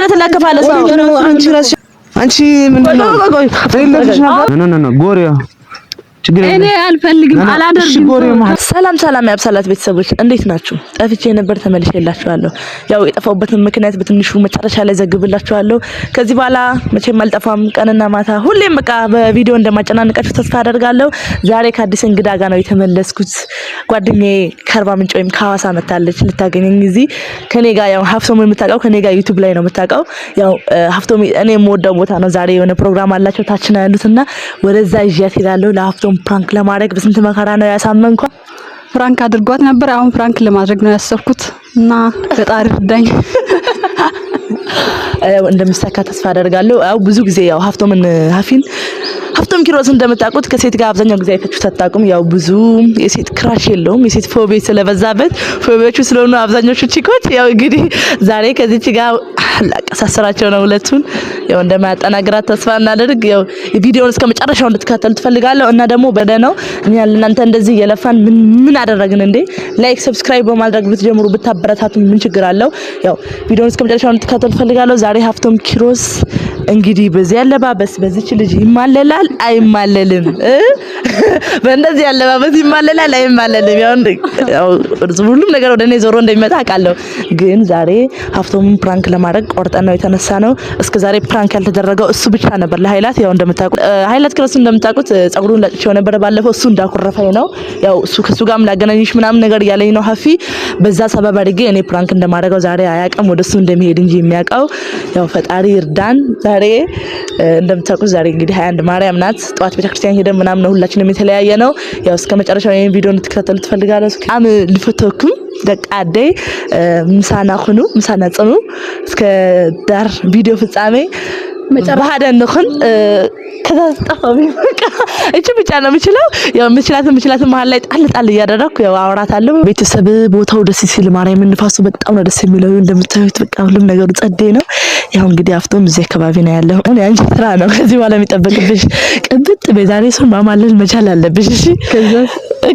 ብለህ ትለክፋለህ። አንቺ አንቺ ምንድን ነው? እኔ አልፈልግም አላደርግም። ሰላም ሰላም፣ ያብሳላት ቤተሰቦች እንዴት ናችሁ? ጠፍቼ ነበር ተመልሼላችኋለሁ። ያው የጠፋሁበትን ምክንያት በትንሹ መጨረሻ ላይ ዘግብላችኋለሁ። ከዚህ በኋላ መቼም አልጠፋም፣ ቀንና ማታ ሁሌም በቃ በቪዲዮ እንደማጨናነቃችሁ ተስፋ አደርጋለሁ። ዛሬ ከአዲስ እንግዳ ጋር ነው የተመለስኩት። ጓደኛዬ ከአርባ ምንጭ ወይም ከሀዋሳ መታለች ልታገኘኝ እዚህ ከኔ ጋር ያው ሀፍቶም የምታውቀው ከኔ ጋር ዩቱብ ላይ ነው የምታውቀው። ያው ሀፍቶም እኔ የምወደው ቦታ ነው። ዛሬ የሆነ ፕሮግራም አላቸው ታችና ያሉት ያሉትና ወደዛ ይዣት ሄዳለሁ ለሀፍቶ እሱም ፕራንክ ለማድረግ በስንት መከራ ነው ያሳመንኳ። ፍራንክ አድርጓት ነበር። አሁን ፍራንክ ለማድረግ ነው ያሰብኩት እና ፈጣሪ እርዳኝ። እንደምሳካ ተስፋ አደርጋለሁ። ያው ብዙ ጊዜ ያው ሀፍቶምን ሀፊን ሀፍቶም ኪሮስ እንደምታውቁት ከሴት ጋር አብዛኛው ጊዜ አይታችሁት አታውቁም። ያው ብዙ የሴት ክራሽ የለውም፣ የሴት ፎቤ ስለበዛበት ፎቤዎቹ ስለሆኑ አብዛኞቹ ቺኮች ያው እንግዲህ ዛሬ ከዚች ጋር ላቀሳሰራቸው ነው ሁለቱን ያው እንደማያጠናግራት ተስፋ እናደርግ። ያው ቪዲዮውን እስከ መጨረሻው እንድትከታተሉ ትፈልጋለሁ እና ደግሞ በደ ነው እኛ ለእናንተ እንደዚህ የለፋን ምን ምን አደረግን እንዴ? ላይክ ሰብስክራይብ በማድረግ ብትጀምሩ ብታበረታቱ ምን ችግር አለው? ያው ቪዲዮውን እስከ መጨረሻው እንድትከታተሉ ትፈልጋለሁ። ዛሬ ሀብቶም ኪሮስ እንግዲህ በዚህ አለባበስ በዚች ልጅ ይማለላል አይማለልም? በእንደዚህ አለባበስ ይማለላል አይማለልም? ያው ሁሉም ነገር ወደ እኔ ዞሮ እንደሚመጣ አውቃለሁ። ግን ዛሬ ሀብቶምን ፕራንክ ለማድረግ ቆርጠን ነው የተነሳ ነው። እስከ ዛሬ ፕራንክ ያልተደረገው እሱ ብቻ ነበር ለሀይላት። ያው እንደምታውቁት ሀይላት ግን እሱ እንደምታውቁት ጸጉሩን ለጥቼው ነበር ባለፈው። እሱ እንዳኮረፈኝ ነው ያው እሱ ከሱ ጋርም ላገናኝሽ ምናምን ነገር እያለኝ ነው ሀፊ። በዛ ሰበብ አድርጌ እኔ ፕራንክ እንደማድረገው ዛሬ አያውቅም፣ ወደ እሱ እንደሚሄድ እንጂ የሚያውቀው ያው ፈጣሪ እርዳን። ዛሬ እንደምታውቁት ዛሬ እንግዲህ ሀያ አንድ ማርያም ናት። ጠዋት ቤተክርስቲያን ሄደን ምናምን ነው ሁላችንም የተለያየ ነው። ያው እስከ መጨረሻው ይህን ቪዲዮ እንድትከታተሉ ትፈልጋለሁ። አም ልፈተኩም ደቂ አደይ ምሳና ኩኑ ምሳና ጽኑ እስከ ዳር ቪዲዮ ፍጻሜ ብሓደ ንኹን ከዛ ስጠፋቢ እቺ ብቻ ነው የምችለው። ያው የምችላትን የምችላትን መሀል ላይ ጣል ጣል እያደረኩ ያው አወራታለሁ። ቤተሰብ ቦታው ደስ ሲል ማርያም ንፋሱ በጣም ነው ደስ የሚለው። እንደምታዩት በቃ ሁሉም ነገሩ ጸዴ ነው። ያው እንግዲህ አፍቶም እዚህ አካባቢ ነው ያለው። እኔ አንቺ ስራ ነው ከዚህ በኋላ የሚጠበቅብሽ። ቅብጥ በዛሬ ሰው ማማለል መቻል አለብሽ። እሺ ከዛ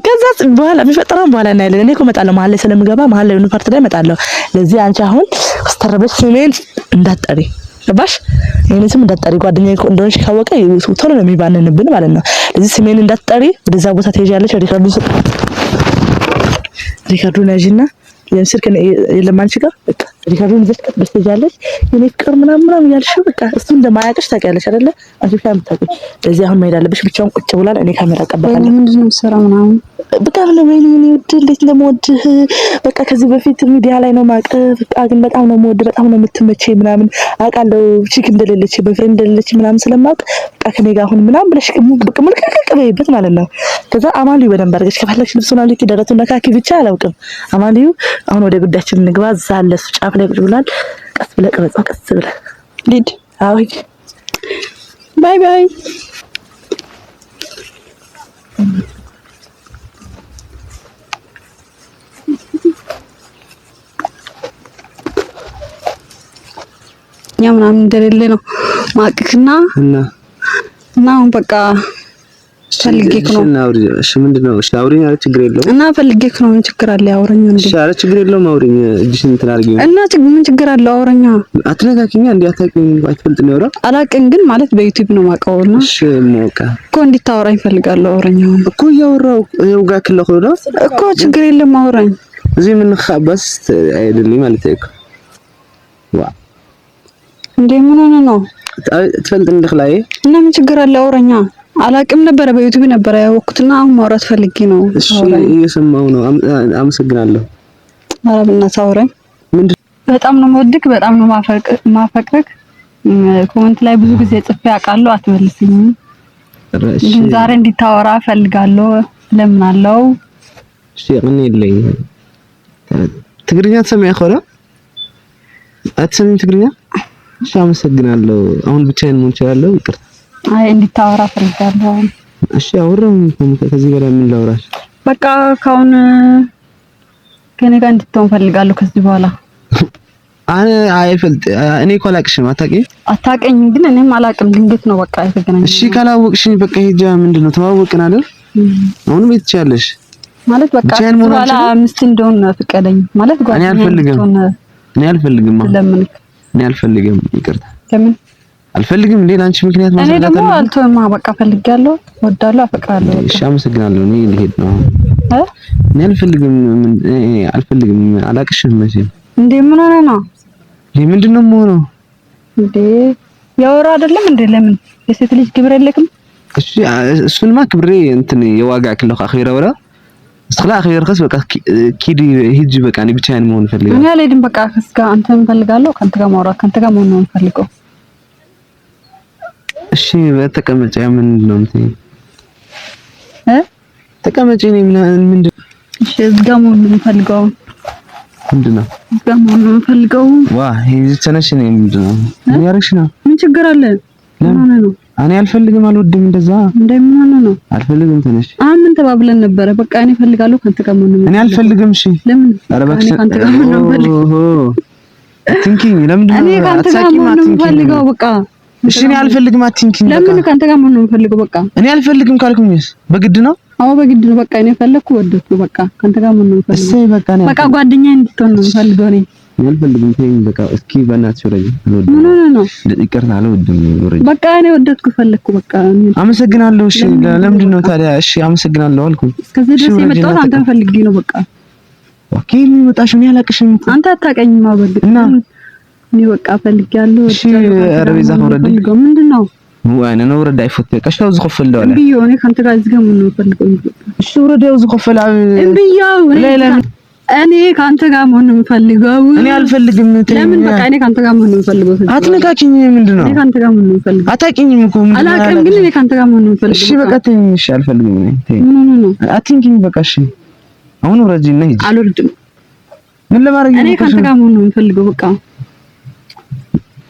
ከዛ በኋላ የሚፈጠረውን በኋላ እናያለን። እኔ እኮ እመጣለሁ መሀል ላይ ስለምገባ መሀል ላይ ፓርት ላይ እመጣለሁ። ለዚህ አንቺ አሁን ስተረበች ስሜን እንዳትጠሪ ገባሽ? ይህን ስም እንዳትጠሪ ጓደኛ እንደሆነች ካወቀ ቶሎ ነው የሚባንንብን ማለት ነው። ለዚህ ስሜን እንዳትጠሪ፣ ወደዛ ቦታ ትሄጃለሽ። ሪካርዱ ሪከርዱን ያዥና ስልክ የለም አንቺ ጋር በቃ ሪካርዶን ዘስከት በስተጃለሽ የኔ ፍቅር ምናምን ምናምን ያልሽው በቃ እሱ እንደማያውቅሽ ታውቂያለሽ አይደለ? አንቺ ብቻ የምታውቂው ለዚህ አሁን መሄድ አለብሽ። ብቻውን ቁጭ ብሏል። እኔ ካሜራ ቀባታለሁ። ምንድን ነው ምናምን በጣም ነው ወይኔ እኔ ውድ እንዴት እንደምወድህ በቃ ከዚህ በፊት ሚዲያ ላይ ነው ማቀ በቃ ግን በጣም ነው የምወድህ፣ በጣም ነው የምትመቸኝ ምናምን አውቃለሁ። ቺክ እንደሌለች በፍሬ እንደሌለች ምናምን ስለማውቅ በቃ ከኔ ጋር አሁን ምናምን ብለሽ ቅሙ ብቅ ምልክክ በይበት ማለት ነው። ከዛ አማሊው በደንብ አድርገሽ ከፈለግሽ ልብሱን አውልቂ፣ ደረቱን ነካኪ፣ ብቻ አላውቅም። አማሊው አሁን ወደ ጉዳያችን እንግባ። እዛ አለ እሱ ጫፍ ላይ ቁጭ ብሏል። ቀስ ብለህ ቅረጻው፣ ቀስ ብለህ ሊድ። አዎ ባይ ባይ እኛ ምናምን እንደሌለ ነው ማቅክና እና አሁን በቃ ፈልጌክ ነው እሺ ምንድን ነው እሺ አውሪኝ አለ ችግር የለውም እና ፈልጌክ ነው ምን ችግር አለ አውረኛ እንዴ እሺ አለ ችግር የለውም አውሪኝ እጅሽን እንትን አድርጊው እና ምን ችግር አለ አውረኛ አትነካኪኛ እንዴ አታውቂኝ አትፈልጥ ነው ያውራ። አላውቅም ግን ማለት በዩቲዩብ ነው የማውቀው እና እሺ ሞቃ እኮ እንድታወራኝ እፈልጋለሁ አውረኛ እኮ እያወራሁ ይኸው ጋር ከለሁ ነው እኮ ችግር የለም አውረኝ እዚህ ምን ኻባስ አይደለም ማለት እኮ ዋ እንዴ ምን ሆነ ነው ትፈልጥ እንደخላዬ እና ምን ችግር አለ አውረኛ አላቅም ነበረ። በዩቲዩብ ነበረ ያወኩትና አሁን ማውራት ፈልጌ ነው። እሺ እየሰማው ነው። አመሰግናለሁ። አረብና ታውረኝ አውራኝ። በጣም ነው የምወድክ፣ በጣም ነው ማፈቅ ማፈቅርክ። ኮመንት ላይ ብዙ ጊዜ ጽፌ አውቃለሁ፣ አትመልስኝም። ግን ዛሬ እንዲታወራ ፈልጋለሁ። ለምን አለው? እሺ እኔ ይለኝ ትግርኛ ትሰሚያ ከሆነ አትሰሚም ትግርኛ? እሺ አመሰግናለሁ። አሁን ብቻዬን መሆን እችላለሁ። ይቅርታ አይ እንድታወራ ፈልጋለሁ። እሺ አውራው። ከዚህ በላይ ምን ላውራሽ? በቃ ካሁን ከኔ ጋር እንድትሆን ፈልጋለሁ። ከዚህ በኋላ አነ አይፈልጥ እኔ እኮ አላቅሽም። አታውቂኝ አታውቀኝ፣ ግን እኔም አላቅም። ድንገት ነው በቃ የተገናኘ። እሺ ካላወቅሽኝ በቃ ሂጃ ምንድን ነው ተዋወቅን አይደል? ቤት ትችያለሽ ማለት በቃ ቻን በኋላ አምስት እንደሆነ ፍቀደኝ ማለት ጓደኛ። እኔ አልፈልግም፣ እኔ አልፈልግም፣ እኔ አልፈልግም። ይቅርታ ለምን አልፈልግም እንዴ አንቺ ምክንያት ማለት ነው። እኔ ደግሞ አልተውማ በቃ ፈልጋለሁ፣ ወዳለሁ፣ አፈቅራለሁ። እሺ አመሰግናለሁ። እኔ ልሄድ ነው። እኔ አልፈልግም፣ አልፈልግም፣ አላቅሽም መቼ። እንዴ ምን ሆነ ነው እንዴ? ምንድን ነው የምሆነው እንዴ? ያወራ አይደለም እንዴ? ለምን የሴት ልጅ ግብር የለክም? እሺ እሱንማ ክብሬ እንትን የዋጋ ክለካ አክቢረ ወላ ስክላ ከስ በቃ ኪዲ ሂጂ በቃ። እኔ ብቻዬን መሆን ፈልጋለሁ። እኔ አልሄድም በቃ። ከስ ጋር አንተን ፈልጋለሁ። ከአንተ ጋር ማውራት ከአንተ ጋር መሆን ነው የምፈልገው እሺ ተቀመጪ። ምንድን ነው የምትይኝ? እ ተቀመጪ ምን ምንድን እሺ እዚህ ጋር መሆን ነው የምፈልገው። ምንድን ነው እዚህ ጋር መሆን ነው የምፈልገው። ዋ ይሄ ተነሽ ነው ምንድን ነው የሚያረግሽ? ነው ምን ችግር አለ? ለምን ነው እኔ አልፈልግም፣ አልወድም። እንደዛ እንደምን ነው አልፈልግም። ተነሽ። አሁን ምን ተባብለን ነበረ? በቃ እኔ እፈልጋለሁ ካንተ ጋር መሆን ነው። እኔ አልፈልግም። እሺ ለምን? ኧረ በቃ ከአንተ ጋር መሆን ነው የምፈልገው። ቲንኪንግ ለምንድን ነው እኔ ከአንተ ጋር መሆን ነው የምፈልገው በቃ እሺ እኔ አልፈልግም አትንኪኝ። ለምን ከአንተ ጋር መሆን ነው የምፈልገው? በቃ እኔ አልፈልግም ካልኩኝስ በግድ ነው። አዎ በግድ ነው። በቃ እኔ ፈለግኩ ወደድኩ። በቃ ከአንተ ጋር መሆን ነው የምፈልገው። እሺ በቃ እኔ በቃ ጓደኛዬ እንድትሆን ነው የምፈልገው። እኔ አልፈልግም። ተይኝ በቃ እስኪ በእናትሽ ወረጅ። አልወድም። ነው ኖ ኖ ይቅርታ፣ አልወድም። ወረጅ በቃ እኔ ወደድኩ ፈለግኩ። በቃ አመሰግናለሁ። እሺ ለምንድን ነው ታዲያ? እሺ አመሰግናለሁ አልኩ። እስከዚህ ድረስ የመጣሁት አንተን ፈልጌ ነው። በቃ ኦኬ፣ ምን መጣሽ? እኔ አላቅሽም። አንተ አታውቀኝም። አዎ እና እኔ በቃ ፈልጋለሁ። እሺ ረቢዛ ወረደ ምንድን ነው ወይኔ ነው ወረደ አይፎት ቀሻው ደወለ እንብየው እኔ ካንተ ጋር እዚህ ጋር ምን ነው ፈልገው እሺ ወረደው ዝኸፍል እንብየው እኔ ካንተ ጋር መሆን የምፈልገው። እኔ አልፈልግም። ለምን በቃ እኔ ካንተ ጋር መሆን የምፈልገው። አትነካችኝ። ምንድን ነው እኔ ካንተ ጋር መሆን የምፈልገው። አታውቂኝም እኮ ምን አላውቅም፣ ግን እኔ ካንተ ጋር መሆን የምፈልገው። እሺ በቃ ተይኝ። እሺ አልፈልግም። እኔ አትንኪኝ። በቃ እሺ አሁን ወረጅ እና ሂጂ። አልወርድም። ምን ለማድረግ እኔ ካንተ ጋር መሆን የምፈልገው በቃ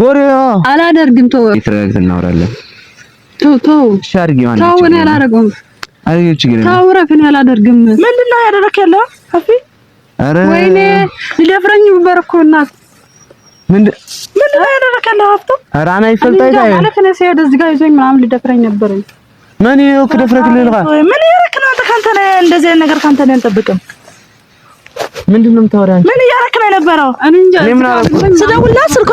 ቦሬ አላደርግም። ተው፣ ተረጋግተን እናወራለን። ተው ተው፣ እሺ ማለት ተው፣ እኔ አላደርገውም። አድርጊው፣ ችግር የለም። ተው፣ እረፍ። እኔ አላደርግም። ምንድን ነው ያደረክ ያለው? አፊ አረ፣ ወይኔ ሊደፍረኝ ነበር እኮ እናት። ምንድን ምንድን ነው ያደረክ ያለው? ሀብቱ አረ፣ አና ይፈልጣ ይታይ ማለት ነው። ሲሄድ እዚህ ጋር ይዞኝ ምናምን ሊደፍረኝ ነበር። ምን ይኸው ከደፍረክ ልልካ ምን ያደረክ ነው አንተ? ካንተ ነው እንደዚህ አይነት ነገር ካንተ ነው አንጠብቅም። ምንድን ነው የምታወራው? ምን እያደረክ ነው የነበረው? እኔ እንጃ። ስደውልላት ስልኳ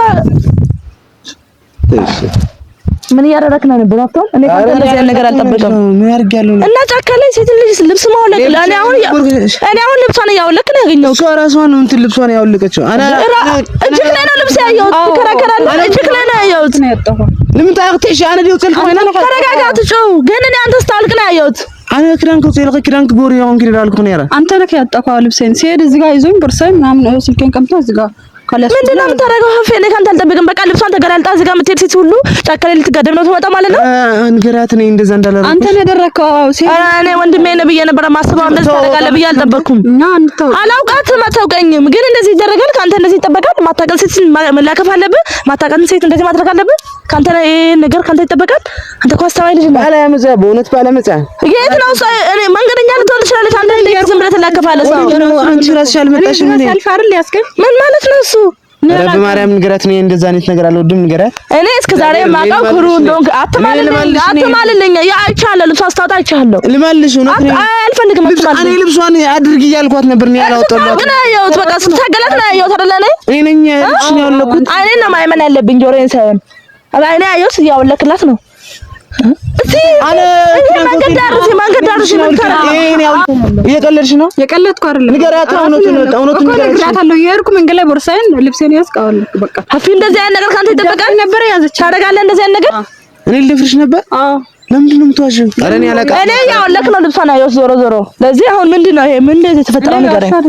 ምን እያደረክ ነው ነበር? አፍቶም እኔ ካንተ እንደዚህ አይነት ነገር አልጠብቅም። ምን ያርግ እና ጫካ ላይ ሴት ልጅ ልብስ ማውለቅ እኔ አሁን እኔ አሁን ልብሷን እያወለቅክ ነው ያገኘው። እሷ ራሷን ነው እንትን ልብሷን ያወለቀችው። አና እጅክ ላይ ነው ልብስ ያየሁት። ትከራከራለህ። እጅክ ላይ ነው ያየሁት። ለምን ታክተሽ? አና ዲው ከልኩ ነው ተረጋጋ። አትጮው ግን እኔ አንተ ስታወልቅ ነው ያየሁት። አና ክዳንክ ሲልክ ክዳንክ ቦሪ ያውን ክዳንክ ነው ያረ አንተ ነህ ያጠፋው ልብሴን ሲሄድ እዚህ ጋር ይዞኝ ብርሰን ምናምን ስልኬን ቀምቶ እዚህ ጋር ምንድን ነው የምታደርገው? ፌሌ ከአንተ አልጠብቅም። በቃ ልብሷን ተገላልጣ እዚህ ጋር የምትሄድ ሴት ሁሉ ጫካ ላይ ልትጋደም ነው ትመጣው ማለት ነው። እንግራት እኔ እንደዛ እንዳላደረኩ አንተ ነው ያደረከው። እኔ ወንድሜ ነህ ብዬ ነበረ ማስበው እንደዚህ ታደርጋለህ ብዬ አልጠበኩም። አላውቃትም፣ አታውቀኝም። ግን እንደዚህ ይደረጋል። ከአንተ እንደዚህ ይጠበቃል። ማታውቀን ሴት መላከፍ አለብህ። ማታውቀን ሴት እንደዚህ ማድረግ አለብህ። ከአንተ ነው ነገር ከአንተ ይጠበቃል። አንተ እኮ አስተዋይ ልጅ ነህ። ባለመጻ በእውነት ባለመጻ የት ነው ሰው እኔ መንገደኛ ልትሆን ትችላለች። አንተ እንደዚህ ዝም ብለህ ትላከፋለህ። ሰው አንቺ ራስሽ አልመጣሽም። ምን ማለት ነው እሱ በማርያም ንገራት። ነው እንደዛ አይነት ነገር አልወድም። ንገራት። እኔ እስከ ዛሬ የማውቀው ክሩ እንደሆንክ አትማልልኝ፣ አትማልልኝ። ያ አይቻለሁ፣ ልብሱ አስታውጣ አይቻለሁ። ልማልሽ ነው እኔ አልፈልግም። አትማልልኝ። እኔ ልብሷን አድርግ እያልኳት ነበር። እኔ አላወጣሁላት ነው ያየሁት። በቃ ስትታገላት ነው ያየሁት አይደለ? እኔ እኔ ነኝ እሺ ነው ያለኩት። እኔን ነው ማይመን ያለብኝ ጆሮዬን ሳይሆን። እኔ ያየሁት ያወለክላት ነው መንገድ ዳርሽ መንገድ ዳርሽ እየቀለድሽ ነው። የቀለድኩ አይደለም። ንገሪያት። እውነቱን እነግራታለሁ። የሄድኩ መንገድ ላይ ቦርሳዬን፣ ልብሴን ያስቀዋል። በቃ ሀፊ፣ እንደዚህ አይነት ነገር ከአንተ ይጠበቃል ነበር። ያዘች ታደርጋለህ እንደዚህ አይነት ነገር። እኔ ልደፍርሽ ነበር። አዎ ለምንድን ነው የምትዋሽው? ኧረ እኔ አላውቅም። እኔ ያው ለክ ነው ልብሷን። አየሁት ዞሮ ዞሮ። ለዚህ አሁን ምንድን ነው ይሄ? ምንድን ነው የተፈጠረው? ንገሪያት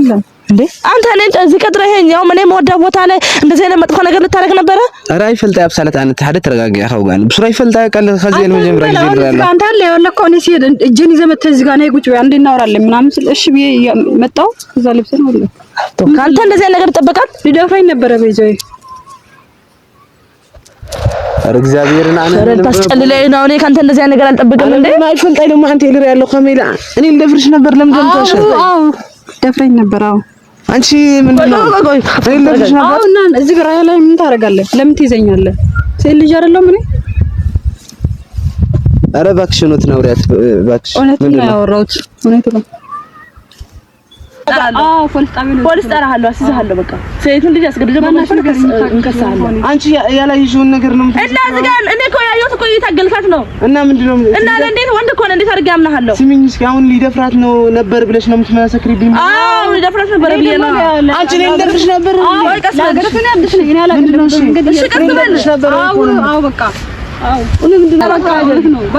እንዴ አንተ እኔን እዚህ ቀጥረኸኝ ያው እኔ የምወደው ቦታ ላይ እንደዚህ አይነት መጥፎ ነገር ልታደርግ ነበረ። ራይ ፈልጣ ያብሳለት አነት ሀደ ተረጋጋ ያኸውጋን ብሱራይ ፈልጣ ያቃለ ከዚህ ነው መጀመሪያ ጊዜ ይደራል። አንተ አለ ያወለቀው እኔ ሲሄድ እጄን ይዘህ መተህ እዚህ ጋር ነይ ቁጭ በይ አንዴ እናወራለን ምናምን ስል እሺ ብዬ መጣሁ። እዛ ልብሰን ወለ ካንተ እንደዚህ አይነት ነገር ይጠበቃል። ሊደፍረኝ ነበረ በይዘይ ኧረ እግዚአብሔርን አነ ታስጨልለኝ ነው። እኔ ካንተ እንደዚህ አይነት ነገር አልጠብቅም። እንዴ ማይ ፈልጣይ አንተ ይልር ያለው ከሜላ እኔ ልደፍርሽ ነበር። ለምን ደምታሽ? አዎ ደፍረኝ ነበር። አዎ አንቺ ምንድን እዚህ በራያ ላይ ምን ታደርጋለህ? ለምን ትይዘኛለህ? ሴት ልጅ አይደለም እኔ። ኧረ እባክሽ ነው ትናውሪያት፣ እባክሽ። እውነቱን ነው ያወራሁት፣ እውነቱን ነው ፖሊስ እጠራሃለሁ፣ አስይዝሃለሁ። በቃ ሴቱን ልጅ አስገድደህ እንከሳሃለሁ። አንቺ ያላየሽውን ነገር ነው እኔ እኮ እየታገልካት ነው እና ምንድን ነው እና እንዴት ወንድ እኮ ነው እንዴት አድርጌ አምናሃለሁ? ስሚኝ እስኪ አሁን ሊደፍራት ነው ነበር ብለሽ ነው የምትመሰክሪብኝ? አዎ ሊደፍራት ነበር ብዬሽ ነው። አንቺ እኔ ልደፍርሽ ነበር። አዎ ቀስ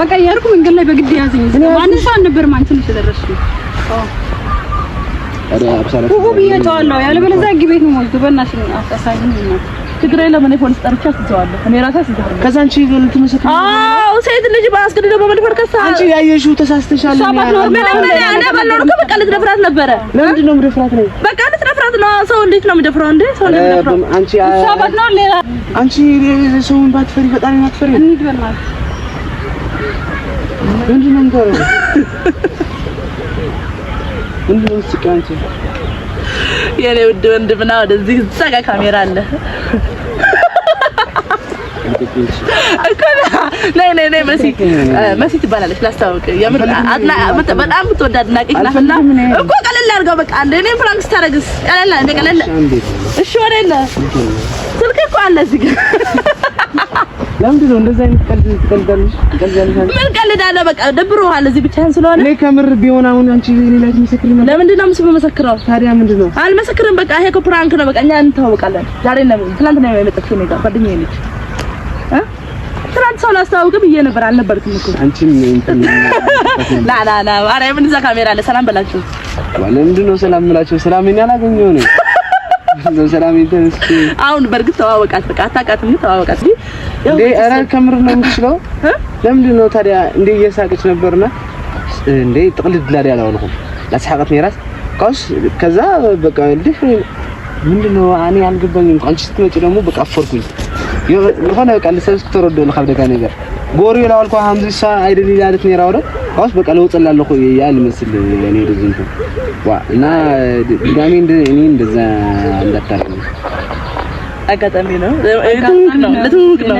በቃ በቃ የሄድኩ መንገድ ላይ በግድ ያዘኝ። ማንም ሰው አልነበረም። አንቺ ልትደረሽ ሴት ልጅ በአስገድዶ በመድፈር ከሳ አንቺ ያየሽው ተሳስተሻል። ልትደፍራት ነበረ። ለምንድን ነው የምደፍራት ነው? በቃ ልትደፍራት ነው። ሰው እንዴት ነው የሚደፍረው? እንደ ሰው ነው የሚደፍረው። አንቺ ሰውን ባትፈሪ በጣም ባትፈሪ እንሂድ በእናትሽ ምንድን ነው የምታወራው? ምንድነው ስቃንቺ? የኔ ውድ ወንድምና ወደዚህ ዛጋ ካሜራ አለ ነይ ነይ ነይ መሲ መሲ ትባላለች። ላስታውቅ የምር በጣም የምትወድ አድናቂሽ ናት። እኮ ቀለል አድርገው በቃ አንዴ እኔ ፍራንክስ ታደርግስ ቀለል እንደ ቀለል እሺ ወደ የለ ስልክ እኮ አለ እዚህ ግን ለምንድን ነው እንደዛ አይነት ቀልድ ትቀልዳለሽ? ምን ቀልዳለሁ? በቃ ደብሮሃል እዚህ ብቻህን ስለሆነ። እኔ ከምር ቢሆን አሁን አንቺ ሌላ ትመሰክሪ ነበር። ለምንድን ነው የምሰክረው ታዲያ? ምንድን ነው አልመሰክርም። በቃ ይሄ እኮ ፕራንክ ነው። በቃ እኛ እንተዋወቃለን። ዛሬ ለምን ትናንት የመጣችው? እኔ ጋር ጓደኛዬ ነች። ትናንት ሰው ላስተዋውቅ ብዬ ነበር። አልነበርክም እኮ አንቺም ላ ላ ላ። ኧረ ምን እዛ ካሜራ አለ። ሰላም በላችሁ። ለምንድን ነው ሰላም የምላቸው? ሰላም እኔ አላገኘሁም ነው ሰላም። እንትን አሁን በእርግጥ ተዋወቃት። በቃ አታውቃትም፣ ተዋወቃት እንዴ ኧረ ከምር ነው የምትችለው? ለምንድን ነው ታዲያ? እንዴ እየሳቀች ነበርና እንዴ ጥቅልድ ላይ አላወልኩም ላስሐቀት ነው ራስ ከዛ በቃ ልጅ ምንድን ነው እኔ አልገባኝም። አንቺ ስትመጪ ደግሞ በቃ አፈርኩኝ። የሆነ በቃ ለሰብስ ተረዶ ለከብደካ ነገር ጎሪ ላልኩ ሀምሳ አይደል ይላልት ነው ራውደ ካውስ በቃ ለውጥላለሁ ያል መስል እኔ ደዝንኩ ዋ እና ድጋሜ እንደ እኔ እንደዛ እንዳታረጉ አጋጣሚ ነው። ለትውውቅ ነው።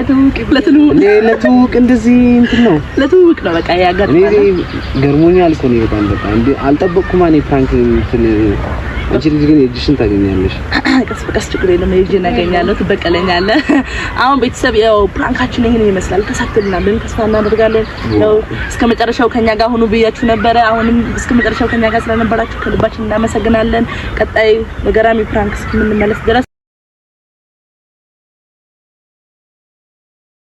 ለትውውቅ እንደዚህ እንትን ነው። ለትውውቅ ነው። በቃ ያጋጣሚ ገርሞኛል እኮ ነው። በጣም በቃ እንዴ አልጠበቅኩም። እኔ ፕራንክ እንትን አንቺ ልጅ ግን የእጅሽን ታገኛለሽ። ቀስ በቀስ ችግር የለም የእጅን አገኛለሁ። ትበቀለኛለህ። አሁን ቤተሰብ ያው ፕራንካችን ይሄን ይመስላል። ተሳክቶልናል ብለን ተስፋ እናደርጋለን። ያው እስከ መጨረሻው ከኛ ጋር ሆኑ ብያችሁ ነበረ። አሁንም እስከ መጨረሻው ከኛ ጋር ስለነበራችሁ ከልባችን እናመሰግናለን። ቀጣይ በገራሚ ፕራንክ እስከምንመለስ ድረስ